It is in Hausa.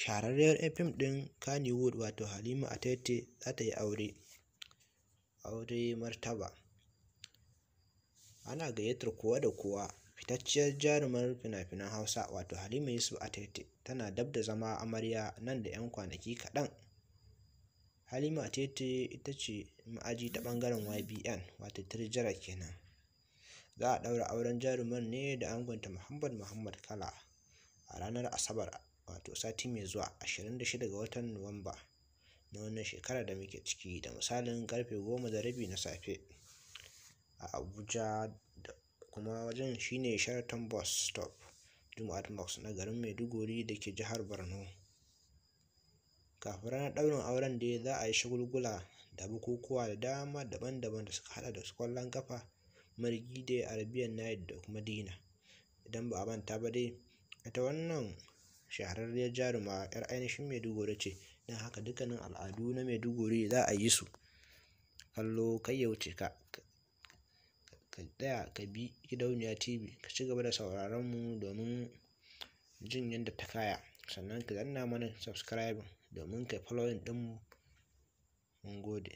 shahararriyar yan fim ɗin kannywood wato halima atete za ta yi aure aure martaba ana gayyatar kowa da kowa fitacciyar jarumar fina-finan hausa wato halima yusuf atete tana dab da zama amarya nan da 'yan kwanaki kaɗan halima atete ita ce ma'aji ta ɓangaren ybn wato tirjira kenan za a ɗaura auren jarumar ne da angonta muhammad muhammad kala a ranar asabar wato sati mai zuwa 26 ga watan Nuwamba na wannan shekara da muke ciki da misalin karfe goma da rabi na safe a Abuja da kuma wajen shine Sheraton bus stop Juma'at Box na garin Maiduguri da ke jihar Borno. Kafin ranar ɗaurin auren da za a yi shagulgula da bukukuwa da dama daban-daban da suka haɗa da su kwallon kafa, marigi da Arabian Night da kuma dina. Idan ba a manta ba dai, ita wannan shahararriyar jaruma 'yar ainihin maiduguri ce don haka dukkanin al'adu na maiduguri za a yi su kallo kai ya wuce ka ka daya ka bi gidauniya tv ka ci gaba da sauraron mu domin jin yadda ta kaya sannan ka zanna mana subscribe domin kai following mu mun gode